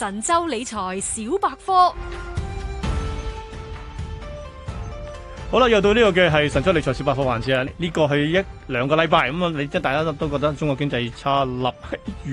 神州理財小百科，好啦，又到呢個嘅係神州理財小百科環節啦，呢個係一。兩個禮拜咁啊！你即係大家都覺得中國經濟差笠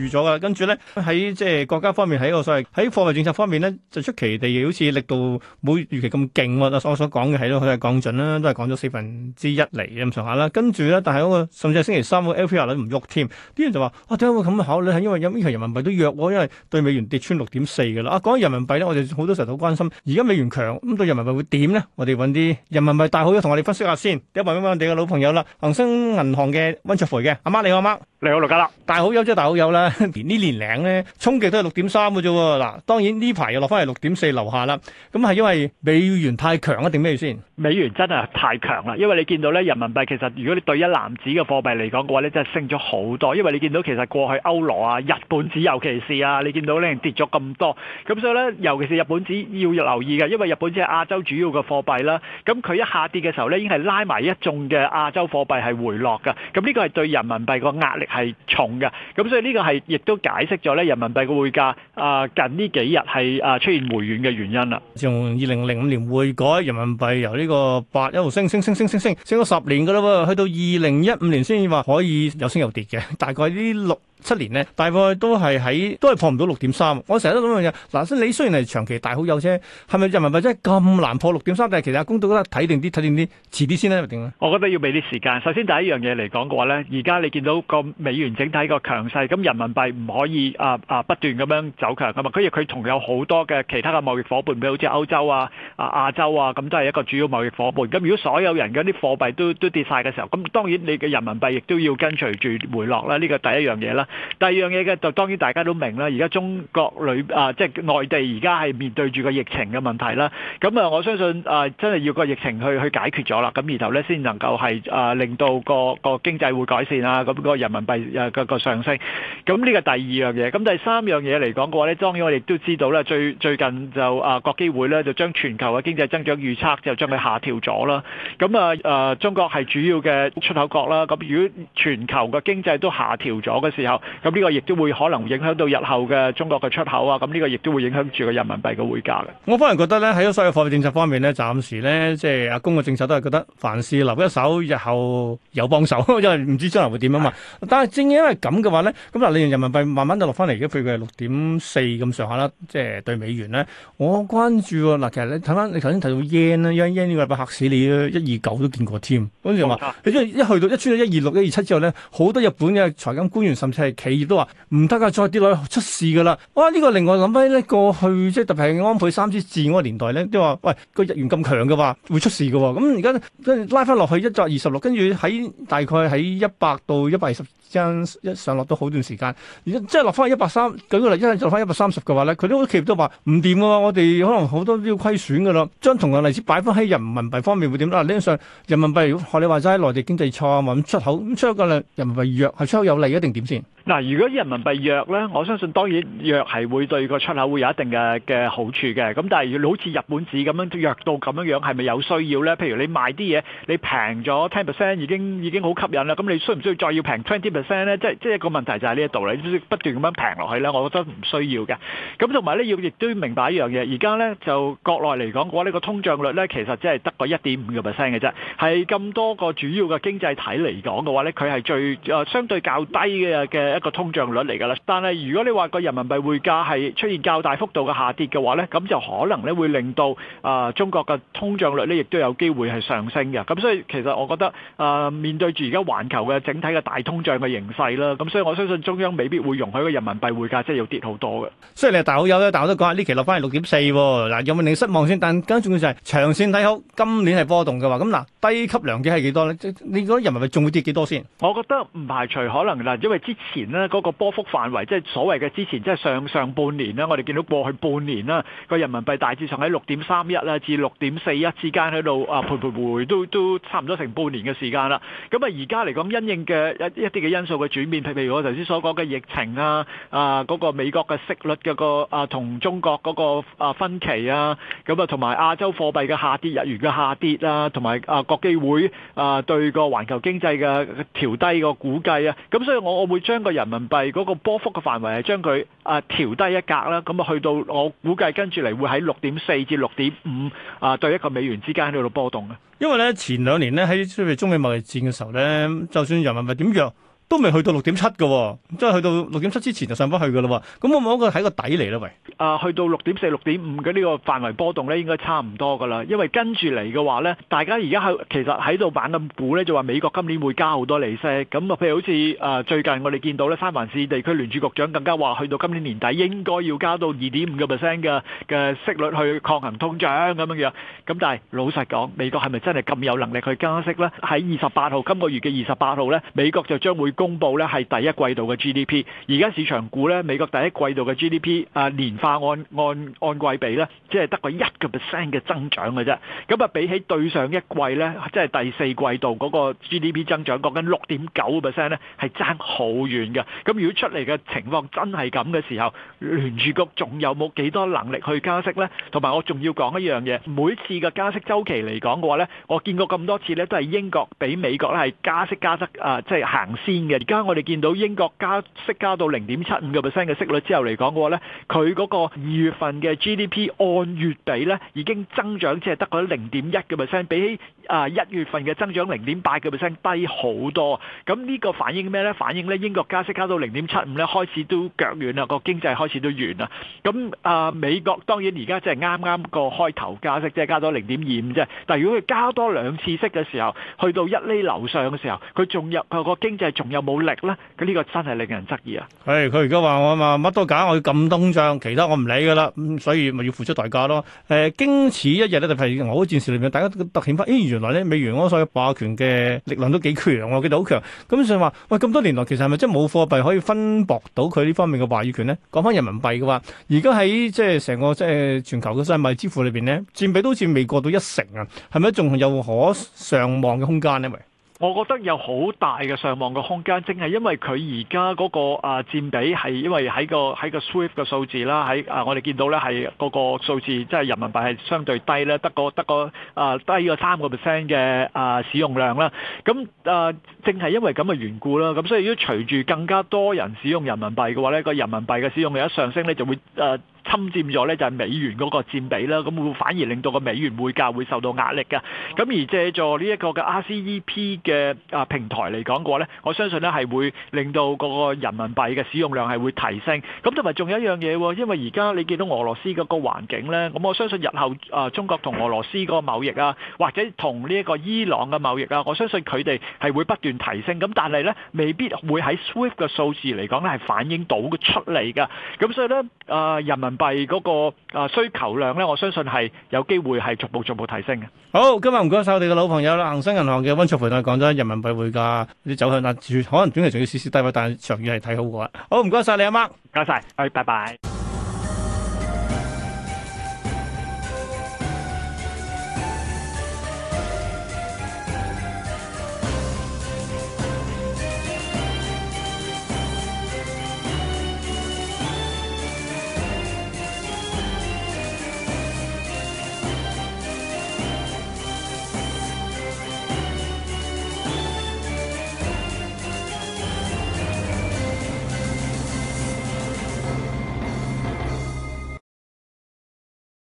住咗噶啦，跟住咧喺即係國家方面係一個所謂喺貨幣政策方面咧，就出奇地好似力度冇預期咁勁。我所講嘅係咯，佢係降準啦，都係降咗四分之一嚟咁上下啦。跟住咧，但係嗰個甚至係星期三個 LPR 唔喐添，啲人就話：哇點解會咁嘅考慮？係因為有呢其實人民幣都弱，因為對美元跌穿六點四噶啦。啊講起人民幣咧，我哋好多時候都關心。而家美元強咁，對人民幣會點咧？我哋揾啲人民幣大好嘅同我哋分析下先。第一位問我哋嘅老朋友啦，恒生銀銀行嘅溫灼培嘅，阿媽你好，阿媽，你好羅家樂，大好友即係大好友啦，連 呢年零咧衝擊都係六點三嘅啫，嗱當然呢排又落翻嚟六點四樓下啦，咁係因為美元太強啊定咩先？美元真係太強啦，因為你見到咧人民幣其實如果你對一籃子嘅貨幣嚟講嘅話，你真係升咗好多，因為你見到其實過去歐羅啊、日本紙尤其是啊，你見到咧跌咗咁多，咁所以咧尤其是日本紙要留意嘅，因為日本紙係亞洲主要嘅貨幣啦，咁佢一下跌嘅時候咧已經係拉埋一眾嘅亞洲貨幣係回落。落嘅，咁呢個係對人民幣個壓力係重嘅，咁所以呢個係亦都解釋咗咧人民幣嘅匯價啊近呢幾日係啊出現回暖嘅原因啦。從二零零五年匯改，人民幣由呢個八一路升升升升升升升咗十年嘅啦喎，去到二零一五年先至話可以有升有跌嘅，大概呢六七年咧，大概都係喺都係破唔到六點三。我成日都諗樣嘢，嗱，你雖然係長期大好有啫，係咪人民幣真係咁難破六點三？但係其實阿公都覺得睇定啲，睇定啲，遲啲先啦，定啦。我覺得要俾啲時間。首先第一樣嘢嚟講嘅話咧，而家你見到個美元整體個強勢，咁人民幣唔可以啊啊不斷咁樣走強噶嘛。跟住佢同有好多嘅其他嘅貿易夥伴，比如好似歐洲啊、亞洲啊，咁都係一個主要貿易夥伴。咁如果所有人嗰啲貨幣都都跌曬嘅時候，咁當然你嘅人民幣亦都要跟隨住回落啦。呢個第一樣嘢啦。第二樣嘢嘅就當然大家都明啦，而家中國裏啊，即係內地而家係面對住個疫情嘅問題啦。咁啊，我相信真係要個疫情去去解決咗啦。咁然後咧先能夠係令到個個經濟會改善啊，咁個人民幣啊嘅個上升。咁呢個第二樣嘢。咁第三樣嘢嚟講嘅話咧，當然我哋都知道啦，最最近就啊國基會咧就將全球嘅經濟增長預測就將佢下調咗啦。咁啊中國係主要嘅出口國啦。咁如果全球嘅經濟都下調咗嘅時候，咁呢個亦都會可能影響到日後嘅中國嘅出口啊！咁呢個亦都會影響住個人民幣嘅匯價嘅。我反而覺得咧喺所有貨幣政策方面呢，暫時呢，即係阿公嘅政策都係覺得凡事留一手，日後有幫手， 因為唔知將來會點啊嘛。但係正因為咁嘅話呢，咁嗱，你用人民幣慢慢就落翻嚟，而家譬如佢係六點四咁上下啦，即係對美元呢，我關注嗱，其實你睇翻你頭先提到 yen 咧，因為 yen 呢個係嚇死你一二九都見過添，好似話你因為一去到一出到一二六、一二七之後呢，好多日本嘅財經官員甚企業都話唔得啊，再跌落去出事噶啦！哇，呢個另外諗翻呢，過去即係特別係安倍三之治嗰個年代咧，都話喂個日元咁強嘅話會出事噶。咁而家跟住拉翻落去一百二十六，跟住喺大概喺一百到一百二十張一上落到好段時間。而家即係落翻一百三，舉個例，一係落翻一百三十嘅話咧，佢都好多企業都話唔掂噶，我哋可能好多都要虧損噶啦。將同樣例子擺翻喺人民幣方面會點啦？理論上，人民幣學你話齋喺內地經濟差啊嘛，咁出口咁出口人民幣弱係出口有利一定點先？嗱，如果人民幣弱咧，我相信當然弱係會對個出口會有一定嘅嘅好處嘅。咁但係要好似日本紙咁樣弱到咁樣樣，係咪有需要咧？譬如你賣啲嘢，你平咗 ten percent 已經已經好吸引啦。咁你需唔需要再要平 twenty percent 咧？即係即係一個問題就係呢一度啦。你不斷咁樣平落去咧，我覺得唔需要嘅。咁同埋咧要亦都明白一樣嘢、那個。而家咧就國內嚟講嘅話，呢個通脹率咧其實只係得個一點五個 percent 嘅啫。係咁多個主要嘅經濟體嚟講嘅話咧，佢係最啊、呃、相對較低嘅嘅。一個通脹率嚟噶啦，但係如果你話個人民幣匯價係出現較大幅度嘅下跌嘅話咧，咁就可能咧會令到啊、呃、中國嘅通脹率咧亦都有機會係上升嘅。咁所以其實我覺得啊、呃，面對住而家環球嘅整體嘅大通脹嘅形勢啦，咁所以我相信中央未必會容許個人民幣匯價即係要跌好多嘅。雖然你係大好友咧，啊，但我都講下呢期落翻係六點四，嗱，有冇令你失望先？但更重要就係長線睇好，今年係波動嘅話，咁嗱。啊低級良機係幾多呢？你覺得人民幣仲會跌幾多先？我覺得唔排除可能啦，因為之前呢嗰個波幅範圍，即係所謂嘅之前，即係上上半年啦，我哋見到過去半年啦，個人民幣大致上喺六點三一啦至六點四一之間喺度啊，徘徊徘徊都都差唔多成半年嘅時間啦。咁啊，而家嚟講，因應嘅一一啲嘅因素嘅轉變，譬如我頭先所講嘅疫情啊，啊嗰個美國嘅息率嗰個啊，同中國嗰個啊分歧啊，咁啊，同埋亞洲貨幣嘅下跌日元嘅下跌啊，同埋啊機會啊，對個環球經濟嘅調低個估計啊，咁所以我我會將個人民幣嗰個波幅嘅範圍係將佢啊調低一格啦，咁啊去到我估計跟住嚟會喺六點四至六點五啊對一個美元之間喺度波動啊。因為咧前兩年咧喺中美貿易戰嘅時候咧，就算人民幣點樣弱。都未去到六點七嘅，即係去到六點七之前就上翻去嘅啦。咁我冇一個喺一個底嚟啦，喂。啊，去到六點四、六點五嘅呢個範圍波動呢，應該差唔多噶啦。因為跟住嚟嘅話呢，大家而家喺其實喺度玩緊股呢，就話美國今年會加好多利息。咁啊，譬如好似啊，最近我哋見到呢，三藩市地區聯儲局長更加話，去到今年年底應該要加到二點五個 percent 嘅嘅息率去抗衡通脹咁樣樣。咁但係老實講，美國係咪真係咁有能力去加息呢？喺二十八號，今個月嘅二十八號呢，美國就將會。公布咧係第一季度嘅 GDP，而家市場估咧美國第一季度嘅 GDP，啊年化按按按季比咧，即係得個一個 percent 嘅增長嘅啫。咁啊比起對上一季咧，即係第四季度嗰個 GDP 增長，講緊六點九 percent 咧，係爭好遠嘅。咁如果出嚟嘅情況真係咁嘅時候，聯儲局仲有冇幾多能力去加息咧？同埋我仲要講一樣嘢，每次嘅加息週期嚟講嘅話咧，我見過咁多次咧，都係英國比美國咧係加息加息啊，即係行先。而家我哋見到英國加息加到零點七五個 percent 嘅息率之後嚟講嘅話咧，佢嗰個二月份嘅 GDP 按月比咧已經增長只係得個零點一個 percent，比起啊一月份嘅增長零點八個 percent 低好多。咁呢個反映咩咧？反映咧英國加息加到零點七五咧，開始都腳軟啦，個經濟開始都完啦。咁啊美國當然而家即係啱啱個開頭加息，即係加到零點二五啫。但係如果佢加多兩次息嘅時候，去到一釐樓上嘅時候，佢仲有佢個經濟仲有。又冇力啦，咁呢個真係令人質疑啊！係佢而家話我啊嘛，乜都假，我要禁通脹，其他我唔理噶啦，咁所以咪要付出代價咯。誒，經此一日咧，就係我啲戰士裏面，大家都突顯翻，咦，原來咧美元嗰個所謂霸權嘅力量都幾強啊，其實好強。咁所以話，喂，咁多年來其實係咪真冇貨幣可以分薄到佢呢方面嘅話語權咧？講翻人民幣嘅話，而家喺即係成個即係全球嘅商品支付裏邊咧，佔比都好似未過到一成啊，係咪仲有可上望嘅空間咧？咪？我覺得有好大嘅上望嘅空間，正係因為佢而家嗰個啊佔比係因為喺個喺個 SWIFT 嘅數字啦，喺啊我哋見到咧係嗰個數字，即係人民幣係相對低咧，得個得個啊低個三個 percent 嘅啊使用量啦。咁啊正係因為咁嘅緣故啦，咁所以如果隨住更加多人使用人民幣嘅話咧，個人民幣嘅使用率一上升咧，就會誒。侵占咗咧就係美元嗰個佔比啦，咁會反而令到個美元匯價會受到壓力嘅。咁而借助呢一個嘅 RCEP 嘅啊平台嚟講過咧，我相信咧係會令到個人民幣嘅使用量係會提升。咁同埋仲有一樣嘢喎，因為而家你見到俄羅斯嗰個環境咧，咁我相信日後誒中國同俄羅斯個貿易啊，或者同呢一個伊朗嘅貿易啊，我相信佢哋係會不斷提升。咁但係咧未必會喺 SWIFT 嘅數字嚟講咧係反映到出嚟嘅。咁所以咧誒人民。幣、那、嗰個啊需求量咧，我相信係有機會係逐步逐步提升嘅。好，今日唔該晒我哋嘅老朋友啦，恒生銀行嘅温灼培都講咗人民幣匯價啲走向啊，住可能短期仲要稍稍低位，但係長遠係睇好嘅。好，唔該晒你阿媽，唔該晒，好，拜拜。